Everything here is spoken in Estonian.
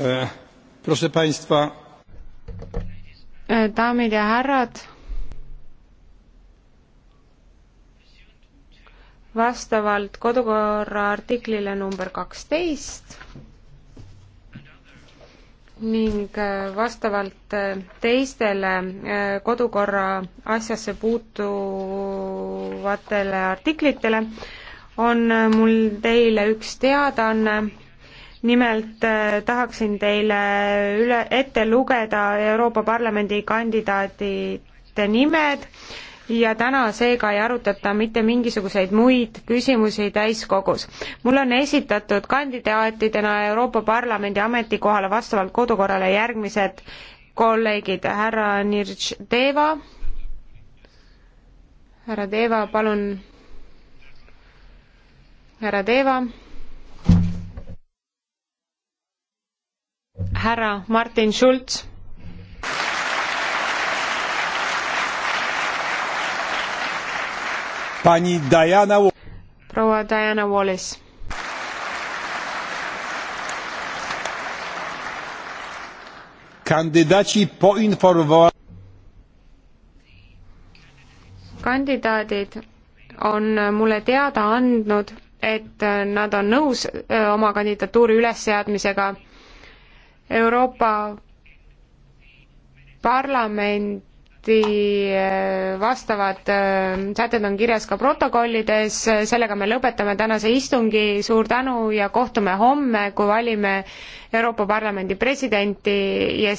E, proszę Państwa. E, daamid ja härrad. vastavalt kodukorra artiklile number kaksteist ning e, vastavalt teistele kodukorra asjasse puutuvatele artiklitele on mul teile üks teadaanne nimelt äh, tahaksin teile üle, ette lugeda Euroopa Parlamendi kandidaatide nimed ja täna seega ei arutata mitte mingisuguseid muid küsimusi täiskogus. mul on esitatud kandidaatidena Euroopa Parlamendi ametikohale vastavalt kodukorrale järgmised kolleegid, härra Nirš Deva, härra Deva, palun, härra Deva härra Martin Schulz. Diana... proua Diana Wallis. kandidaadi poinformova-. kandidaadid on mulle teada andnud, et nad on nõus äh, oma kandidatuuri ülesseadmisega Euroopa Parlamendi eh, vastavad eh, sätted on kirjas ka protokollides, sellega me lõpetame tänase istungi, suur tänu ja kohtume homme, kui valime Euroopa Parlamendi presidenti ja